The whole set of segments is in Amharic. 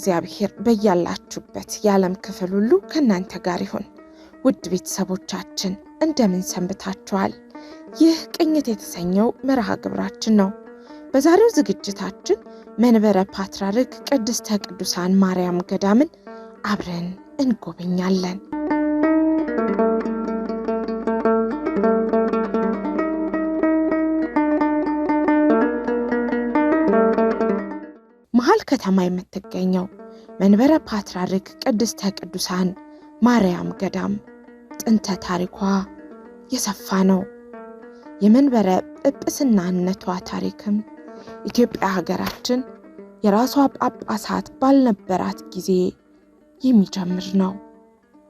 እግዚአብሔር በያላችሁበት የዓለም ክፍል ሁሉ ከእናንተ ጋር ይሁን። ውድ ቤተሰቦቻችን እንደምን ሰንብታችኋል? ይህ ቅኝት የተሰኘው መርሃ ግብራችን ነው። በዛሬው ዝግጅታችን መንበረ ፓትርያርክ ቅድስተ ቅዱሳን ማርያም ገዳምን አብረን እንጎበኛለን። ከተማ የምትገኘው መንበረ ፓትርያርክ ቅድስተ ቅዱሳን ማርያም ገዳም ጥንተ ታሪኳ የሰፋ ነው። የመንበረ ጵጵስናነቷ ታሪክም ኢትዮጵያ ሀገራችን የራሷ ጳጳሳት ባልነበራት ጊዜ የሚጀምር ነው።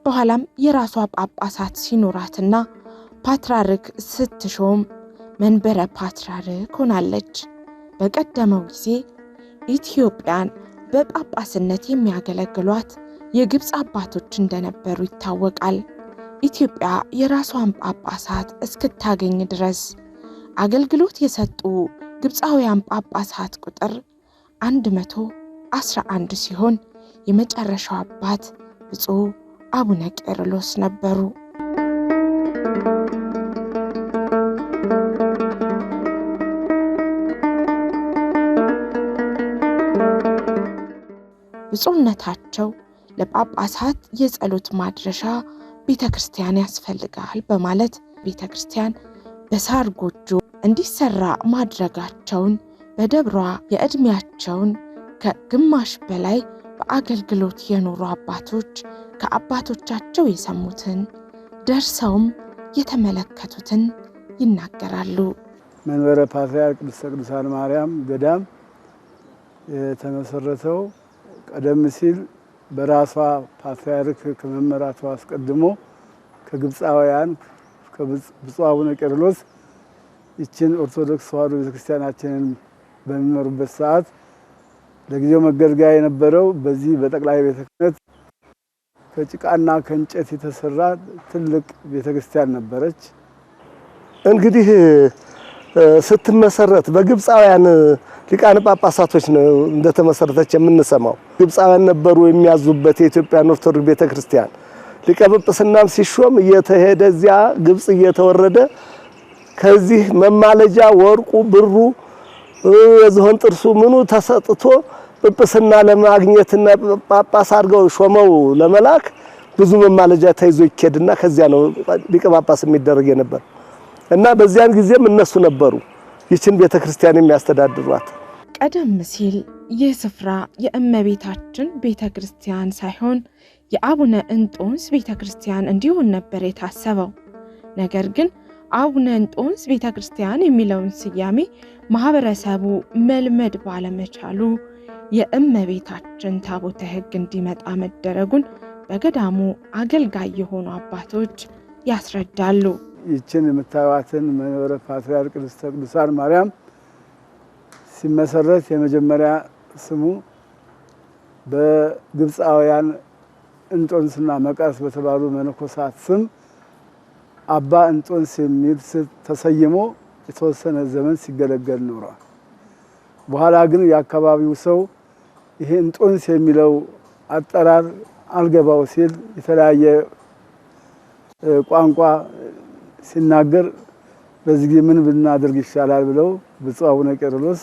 በኋላም የራሷ ጳጳሳት ሲኖራትና ፓትርያርክ ስትሾም መንበረ ፓትርያርክ ሆናለች። በቀደመው ጊዜ ኢትዮጵያን በጳጳስነት የሚያገለግሏት የግብፅ አባቶች እንደነበሩ ይታወቃል። ኢትዮጵያ የራሷን ጳጳሳት እስክታገኝ ድረስ አገልግሎት የሰጡ ግብፃውያን ጳጳሳት ቁጥር 111 ሲሆን የመጨረሻው አባት ብፁዕ አቡነ ቄርሎስ ነበሩ። ብፁዕነታቸው ለጳጳሳት የጸሎት ማድረሻ ቤተ ክርስቲያን ያስፈልጋል በማለት ቤተ ክርስቲያን በሳር ጎጆ እንዲሰራ ማድረጋቸውን በደብሯ የዕድሜያቸውን ከግማሽ በላይ በአገልግሎት የኖሩ አባቶች ከአባቶቻቸው የሰሙትን ደርሰውም የተመለከቱትን ይናገራሉ። መንበረ ፓትርያርክ ቅድስተ ቅዱሳን ማርያም ገዳም የተመሰረተው ቀደም ሲል በራሷ ፓትርያርክ ከመመራቱ አስቀድሞ ከግብፃውያን ከብፁዕ አቡነ ቄርሎስ ይችን ኦርቶዶክስ ተዋሕዶ ቤተክርስቲያናችንን በሚመሩበት ሰዓት ለጊዜው መገልገያ የነበረው በዚህ በጠቅላይ ቤተ ክህነት ከጭቃና ከእንጨት የተሰራ ትልቅ ቤተክርስቲያን ነበረች። እንግዲህ ስትመሰረት በግብፃውያን ሊቃነ ጳጳሳቶች ነው እንደተመሰረተች የምንሰማው። ግብፃውያን ነበሩ የሚያዙበት የኢትዮጵያን ኦርቶዶክስ ቤተክርስቲያን። ሊቀ ጵጵስናም ሲሾም እየተሄደ እዚያ ግብፅ እየተወረደ ከዚህ መማለጃ ወርቁ፣ ብሩ፣ የዝሆን ጥርሱ ምኑ ተሰጥቶ ጵጵስና ለማግኘትና ጳጳስ አድርገው ሾመው ለመላክ ብዙ መማለጃ ተይዞ ይኬድና ከዚያ ነው ሊቀ ጳጳስ የሚደረግ የነበር። እና በዚያን ጊዜም እነሱ ነበሩ ይችን ቤተክርስቲያን የሚያስተዳድሯት። ቀደም ሲል ይህ ስፍራ የእመቤታችን ቤተክርስቲያን ሳይሆን የአቡነ እንጦንስ ቤተክርስቲያን እንዲሆን ነበር የታሰበው። ነገር ግን አቡነ እንጦንስ ቤተክርስቲያን የሚለውን ስያሜ ማህበረሰቡ መልመድ ባለመቻሉ የእመቤታችን ታቦተ ሕግ እንዲመጣ መደረጉን በገዳሙ አገልጋይ የሆኑ አባቶች ያስረዳሉ። ይችን የምታዩትን መንበረ ፓትርያርክ ቅድስተ ቅዱሳን ማርያም ሲመሰረት የመጀመሪያ ስሙ በግብፃውያን እንጦንስና መቃርስ በተባሉ መነኮሳት ስም አባ እንጦንስ የሚል ተሰይሞ የተወሰነ ዘመን ሲገለገል ኖሯል። በኋላ ግን የአካባቢው ሰው ይሄ እንጦንስ የሚለው አጠራር አልገባው ሲል የተለያየ ቋንቋ ሲናገር በዚህ ጊዜ ምን ብናደርግ ይሻላል ብለው ብፁዕ አቡነ ቄርሎስ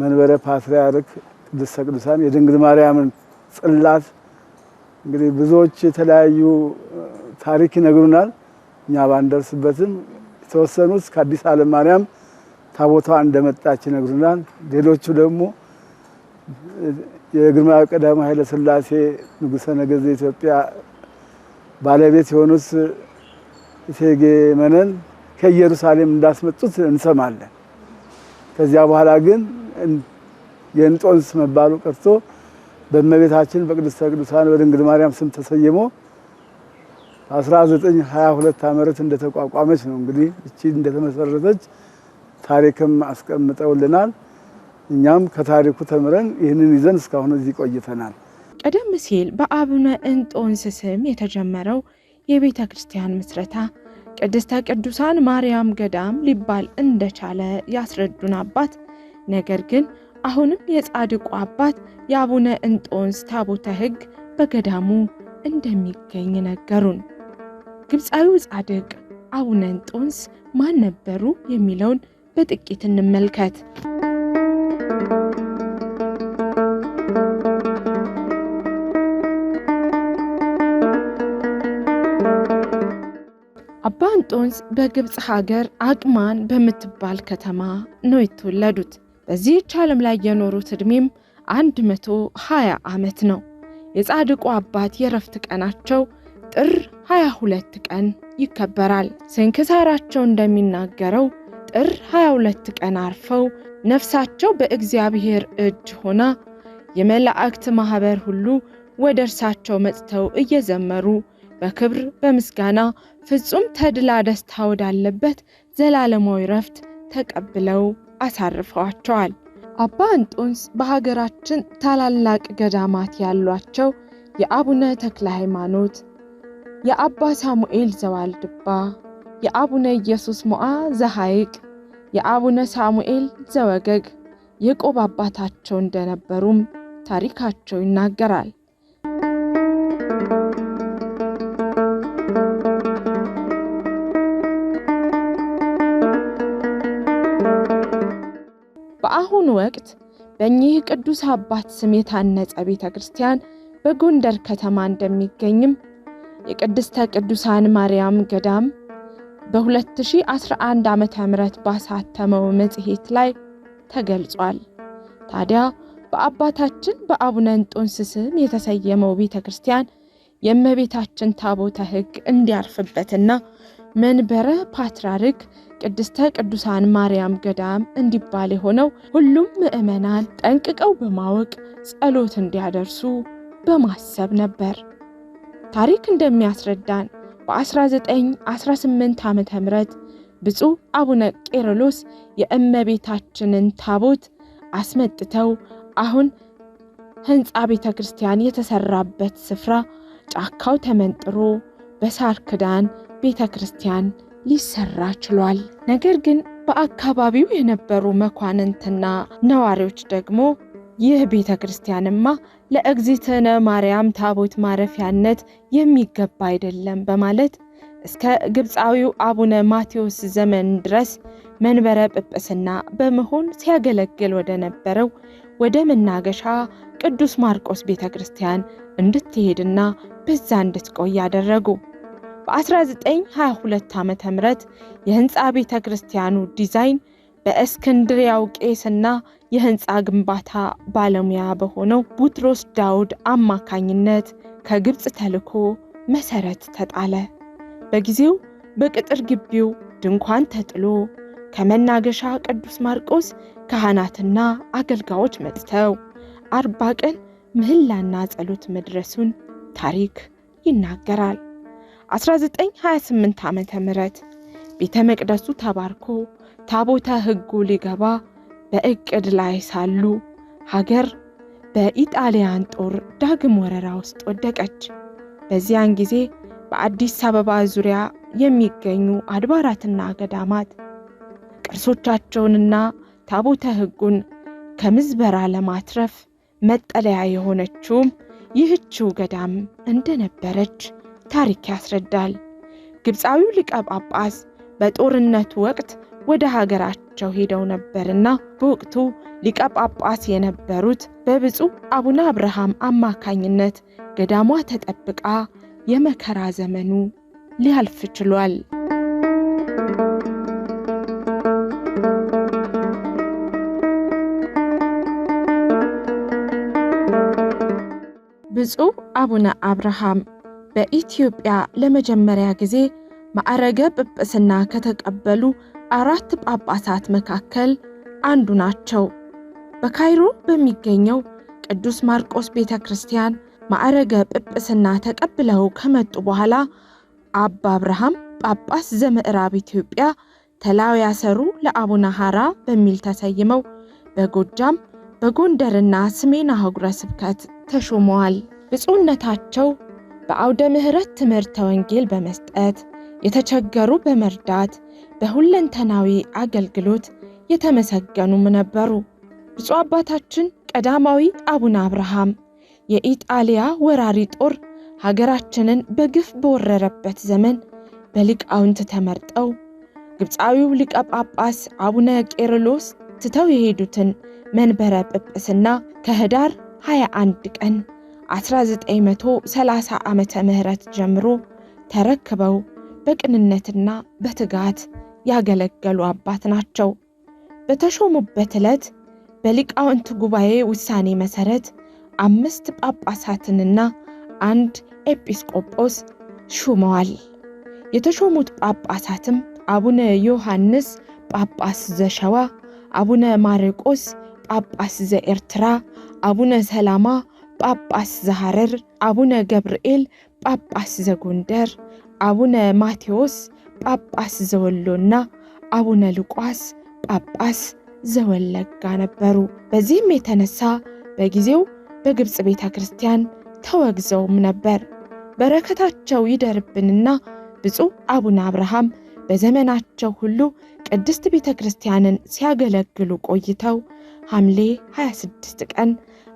መንበረ ፓትርያርክ ቅድስተ ቅዱሳን የድንግል ማርያምን ጽላት እንግዲህ ብዙዎች የተለያዩ ታሪክ ይነግሩናል። እኛ ባንደርስበትም የተወሰኑት ከአዲስ ዓለም ማርያም ታቦቷ እንደመጣች ይነግሩናል። ሌሎቹ ደግሞ የግርማዊ ቀዳማዊ ኃይለ ሥላሴ ንጉሠ ነገሥት ባለቤት የሆኑት እቴጌ መነን ከኢየሩሳሌም እንዳስመጡት እንሰማለን። ከዚያ በኋላ ግን የእንጦንስ መባሉ ቀርቶ በእመቤታችን በቅድስተ ቅዱሳን በድንግል ማርያም ስም ተሰይሞ 1922 ዓመት እንደተቋቋመች ነው እንግዲህ እቺ እንደተመሰረተች ታሪክም አስቀምጠውልናል። እኛም ከታሪኩ ተምረን ይህንን ይዘን እስካሁን እዚህ ቆይተናል። ቀደም ሲል በአቡነ እንጦንስ ስም የተጀመረው የቤተ ክርስቲያን ምስረታ ቅድስተ ቅዱሳን ማርያም ገዳም ሊባል እንደቻለ ያስረዱን አባት ነገር ግን አሁንም የጻድቁ አባት የአቡነ እንጦንስ ታቦተ ሕግ በገዳሙ እንደሚገኝ ነገሩን። ግብፃዊው ጻድቅ አቡነ እንጦንስ ማን ነበሩ የሚለውን በጥቂት እንመልከት። ዲዮቅልጦንስ በግብፅ ሀገር አቅማን በምትባል ከተማ ነው የተወለዱት። በዚህች ዓለም ላይ የኖሩት ዕድሜም 120 ዓመት ነው። የጻድቁ አባት የረፍት ቀናቸው ጥር 22 ቀን ይከበራል። ስንክሳራቸው እንደሚናገረው ጥር 22 ቀን አርፈው ነፍሳቸው በእግዚአብሔር እጅ ሆና የመላእክት ማኅበር ሁሉ ወደ እርሳቸው መጥተው እየዘመሩ በክብር በምስጋና ፍጹም ተድላ ደስታ ወዳለበት ዘላለማዊ ረፍት ተቀብለው አሳርፈዋቸዋል። አባ እንጦንስ በሀገራችን ታላላቅ ገዳማት ያሏቸው የአቡነ ተክለ ሃይማኖት፣ የአባ ሳሙኤል ዘዋልድባ፣ የአቡነ ኢየሱስ ሞዓ ዘሐይቅ፣ የአቡነ ሳሙኤል ዘወገግ የቆብ አባታቸው እንደነበሩም ታሪካቸው ይናገራል። በአሁኑ ወቅት በእኚህ ቅዱስ አባት ስም የታነጸ ቤተ ክርስቲያን በጎንደር ከተማ እንደሚገኝም የቅድስተ ቅዱሳን ማርያም ገዳም በ2011 ዓ.ም ባሳተመው መጽሔት ላይ ተገልጿል። ታዲያ በአባታችን በአቡነ እንጦንስ ስም የተሰየመው ቤተ ክርስቲያን የእመቤታችን ታቦተ ሕግ እንዲያርፍበትና መንበረ ፓትርያርክ ቅድስተ ቅዱሳን ማርያም ገዳም እንዲባል የሆነው ሁሉም ምዕመናን ጠንቅቀው በማወቅ ጸሎት እንዲያደርሱ በማሰብ ነበር። ታሪክ እንደሚያስረዳን በ1918 ዓ ም ብፁዕ አቡነ ቄርሎስ የእመቤታችንን ታቦት አስመጥተው አሁን ህንፃ ቤተ ክርስቲያን የተሰራበት ስፍራ ጫካው ተመንጥሮ በሳር ክዳን ቤተ ክርስቲያን ሊሰራ ችሏል። ነገር ግን በአካባቢው የነበሩ መኳንንትና ነዋሪዎች ደግሞ ይህ ቤተ ክርስቲያንማ ለእግዝእትነ ማርያም ታቦት ማረፊያነት የሚገባ አይደለም በማለት እስከ ግብፃዊው አቡነ ማቴዎስ ዘመን ድረስ መንበረ ጵጵስና በመሆን ሲያገለግል ወደ ነበረው ወደ መናገሻ ቅዱስ ማርቆስ ቤተ ክርስቲያን እንድትሄድና በዛ እንድትቆይ አደረጉ። በ1922 ዓ ም የህንፃ ቤተ ክርስቲያኑ ዲዛይን በእስክንድሪያው ቄስና የህንፃ ግንባታ ባለሙያ በሆነው ቡትሮስ ዳውድ አማካኝነት ከግብፅ ተልኮ መሰረት ተጣለ። በጊዜው በቅጥር ግቢው ድንኳን ተጥሎ ከመናገሻ ቅዱስ ማርቆስ ካህናትና አገልጋዮች መጥተው አርባ ቀን ምህላና ጸሎት መድረሱን ታሪክ ይናገራል። 1928 ዓ ም ቤተ መቅደሱ ተባርኮ ታቦተ ሕጉ ሊገባ በእቅድ ላይ ሳሉ ሀገር በኢጣሊያን ጦር ዳግም ወረራ ውስጥ ወደቀች። በዚያን ጊዜ በአዲስ አበባ ዙሪያ የሚገኙ አድባራትና ገዳማት ቅርሶቻቸውንና ታቦተ ሕጉን ከምዝበራ ለማትረፍ መጠለያ የሆነችውም ይህችው ገዳም እንደነበረች ታሪክ ያስረዳል። ግብፃዊው ሊቀ ጳጳስ በጦርነቱ ወቅት ወደ ሀገራቸው ሄደው ነበርና በወቅቱ ሊቀ ጳጳስ የነበሩት በብፁዕ አቡነ አብርሃም አማካኝነት ገዳሟ ተጠብቃ የመከራ ዘመኑ ሊያልፍ ችሏል። ብፁዕ አቡነ አብርሃም በኢትዮጵያ ለመጀመሪያ ጊዜ ማዕረገ ጵጵስና ከተቀበሉ አራት ጳጳሳት መካከል አንዱ ናቸው። በካይሮ በሚገኘው ቅዱስ ማርቆስ ቤተ ክርስቲያን ማዕረገ ጵጵስና ተቀብለው ከመጡ በኋላ አባ አብርሃም ጳጳስ ዘምዕራብ ኢትዮጵያ ተላው ያሰሩ ለአቡነ ሐራ በሚል ተሰይመው በጎጃም በጎንደርና ሰሜን አህጉረ ስብከት ተሾመዋል። ብፁዕነታቸው በአውደ ምሕረት ትምህርተ ወንጌል በመስጠት የተቸገሩ በመርዳት በሁለንተናዊ አገልግሎት የተመሰገኑም ነበሩ። ብፁዕ አባታችን ቀዳማዊ አቡነ አብርሃም የኢጣሊያ ወራሪ ጦር ሀገራችንን በግፍ በወረረበት ዘመን በሊቃውንት ተመርጠው ግብፃዊው ሊቀ ጳጳስ አቡነ ቄርሎስ ትተው የሄዱትን መንበረ ጵጵስና ከህዳር 21 ቀን 1930 ዓመተ ምህረት ጀምሮ ተረክበው በቅንነትና በትጋት ያገለገሉ አባት ናቸው። በተሾሙበት ዕለት በሊቃውንት ጉባኤ ውሳኔ መሠረት አምስት ጳጳሳትንና አንድ ኤጲስቆጶስ ሹመዋል። የተሾሙት ጳጳሳትም አቡነ ዮሐንስ ጳጳስ ዘሸዋ፣ አቡነ ማርቆስ ጳጳስ ዘኤርትራ፣ አቡነ ሰላማ ጳጳስ ዘሐረር፣ አቡነ ገብርኤል ጳጳስ ዘጎንደር፣ አቡነ ማቴዎስ ጳጳስ ዘወሎና አቡነ ሉቃስ ጳጳስ ዘወለጋ ነበሩ። በዚህም የተነሳ በጊዜው በግብፅ ቤተ ክርስቲያን ተወግዘውም ነበር። በረከታቸው ይደርብንና ብፁዕ አቡነ አብርሃም በዘመናቸው ሁሉ ቅድስት ቤተ ክርስቲያንን ሲያገለግሉ ቆይተው ሐምሌ 26 ቀን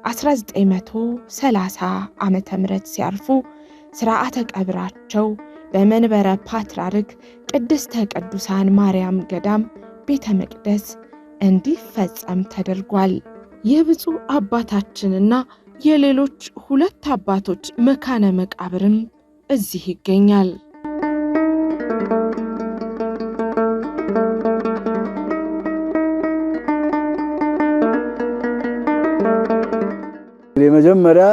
1930 ዓመተ ምህረት ሲያርፉ ስርዓተ ቀብራቸው በመንበረ ፓትርያርክ ቅድስተ ቅዱሳን ማርያም ገዳም ቤተ መቅደስ እንዲፈጸም ተደርጓል። የብፁዕ አባታችንና የሌሎች ሁለት አባቶች መካነ መቃብርም እዚህ ይገኛል። መጀመሪያ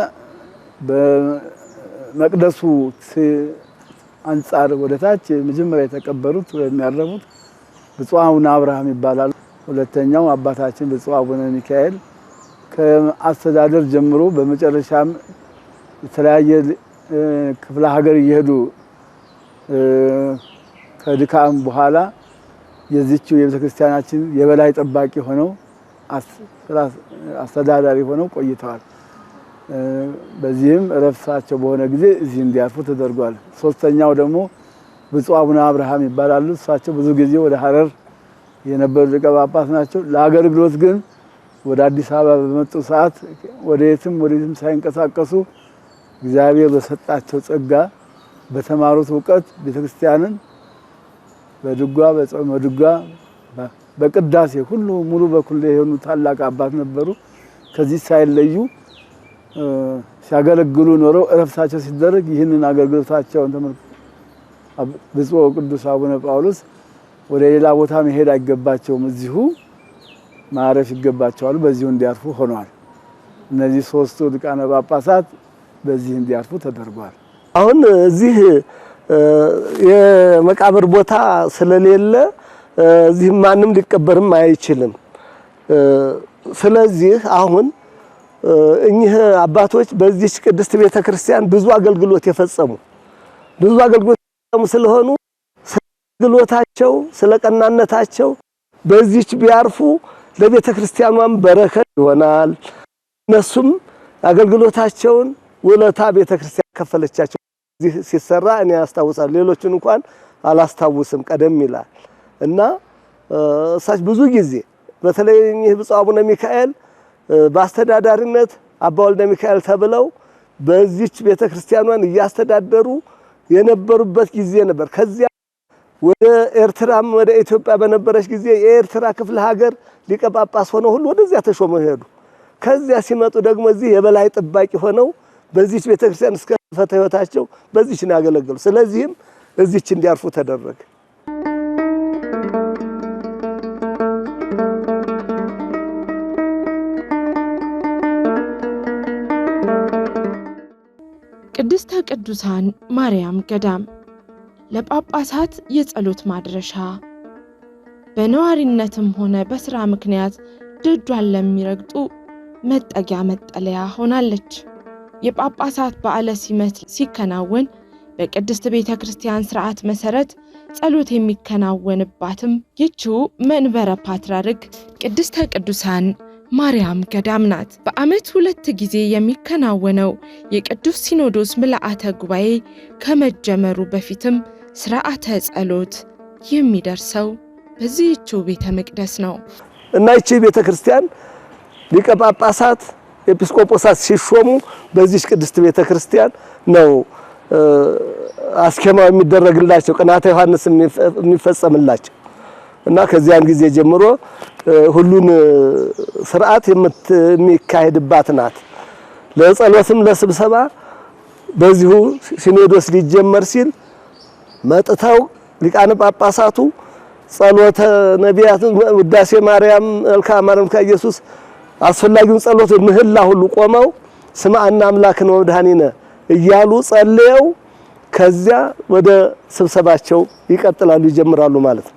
በመቅደሱ አንጻር ወደታች መጀመሪያ የተቀበሩት ወይም ያረፉት ብፁዕ አቡነ አብርሃም ይባላሉ። ሁለተኛው አባታችን ብፁዕ አቡነ ሚካኤል ከአስተዳደር ጀምሮ በመጨረሻም የተለያየ ክፍለ ሀገር እየሄዱ ከድካም በኋላ የዚችው የቤተክርስቲያናችን የበላይ ጠባቂ ሆነው አስተዳዳሪ ሆነው ቆይተዋል። በዚህም እረፍታቸው በሆነ ጊዜ እዚህ እንዲያርፉ ተደርጓል። ሶስተኛው ደግሞ ብፁዕ አቡነ አብርሃም ይባላሉ። እሳቸው ብዙ ጊዜ ወደ ሀረር የነበሩ ሊቀ ጳጳስ ናቸው። ለአገልግሎት ግን ወደ አዲስ አበባ በመጡ ሰዓት ወደ የትም ወደየትም ሳይንቀሳቀሱ እግዚአብሔር በሰጣቸው ጸጋ በተማሩት እውቀት ቤተክርስቲያንን በድጓ በጾመ ድጓ በቅዳሴ ሁሉ ሙሉ በኩል የሆኑ ታላቅ አባት ነበሩ። ከዚህ ሳይለዩ ሲያገለግሉ ኖረው እረፍታቸው ሲደረግ ይህንን አገልግሎታቸውን ተመልክ ብፁዕ ቅዱስ አቡነ ጳውሎስ ወደ ሌላ ቦታ መሄድ አይገባቸውም፣ እዚሁ ማረፍ ይገባቸዋል። በዚሁ እንዲያርፉ ሆኗል። እነዚህ ሶስቱ ሊቃነ ጳጳሳት በዚህ እንዲያርፉ ተደርጓል። አሁን እዚህ የመቃብር ቦታ ስለሌለ እዚህ ማንም ሊቀበርም አይችልም። ስለዚህ አሁን እኚህ አባቶች በዚች ቅድስት ቤተ ክርስቲያን ብዙ አገልግሎት የፈጸሙ ብዙ አገልግሎት የፈጸሙ ስለሆኑ ስለግሎታቸው ስለቀናነታቸው በዚች ቢያርፉ ለቤተ ክርስቲያኗም በረከት ይሆናል። እነሱም አገልግሎታቸውን ውለታ ቤተ ክርስቲያን ከፈለቻቸው። እዚህ ሲሰራ እኔ አስታውሳለሁ፣ ሌሎችን እንኳን አላስታውስም። ቀደም ይላል እና እሳች ብዙ ጊዜ በተለይ እኚህ ብፁዕ አቡነ ሚካኤል በአስተዳዳሪነት አባ ወልደ ሚካኤል ተብለው በዚች ቤተ ክርስቲያኗን እያስተዳደሩ የነበሩበት ጊዜ ነበር። ከዚያ ወደ ኤርትራም ወደ ኢትዮጵያ በነበረች ጊዜ የኤርትራ ክፍለ ሀገር ሊቀ ጳጳስ ሆነው ሁሉ ወደዚያ ተሾመው ሄዱ። ከዚያ ሲመጡ ደግሞ እዚህ የበላይ ጠባቂ ሆነው በዚች ቤተ ክርስቲያን እስከ ሕልፈተ ሕይወታቸው በዚች ነው ያገለገሉ። ስለዚህም እዚች እንዲያርፉ ተደረገ። ቅድስተ ቅዱሳን ማርያም ገዳም ለጳጳሳት የጸሎት ማድረሻ በነዋሪነትም ሆነ በሥራ ምክንያት ደጇን ለሚረግጡ መጠጊያ መጠለያ ሆናለች። የጳጳሳት በዓለ ሲመት ሲከናወን በቅድስት ቤተ ክርስቲያን ሥርዓት መሠረት ጸሎት የሚከናወንባትም ይችው መንበረ ፓትርያርክ ቅድስተ ቅዱሳን ማርያም ገዳም ናት። በዓመት ሁለት ጊዜ የሚከናወነው የቅዱስ ሲኖዶስ ምልአተ ጉባኤ ከመጀመሩ በፊትም ስርዓተ ጸሎት የሚደርሰው በዚህችው ቤተ መቅደስ ነው እና ይቺ ቤተ ክርስቲያን ሊቀ ጳጳሳት ኤጲስቆጶሳት ሲሾሙ በዚች ቅድስት ቤተ ክርስቲያን ነው አስኬማው የሚደረግላቸው፣ ቅናተ ዮሐንስ የሚፈጸምላቸው። እና ከዚያን ጊዜ ጀምሮ ሁሉን ስርዓት የሚካሄድባት ናት። ለጸሎትም ለስብሰባ በዚሁ ሲኖዶስ ሊጀመር ሲል መጥተው ሊቃነ ጳጳሳቱ ጸሎተ ነቢያት፣ ውዳሴ ማርያም፣ መልክአ ማርያም ከኢየሱስ አስፈላጊውን ጸሎት ምህላ ሁሉ ቆመው ስምዐነ አምላክነ ወመድኃኒነ እያሉ ጸልየው ከዚያ ወደ ስብሰባቸው ይቀጥላሉ፣ ይጀምራሉ ማለት ነው።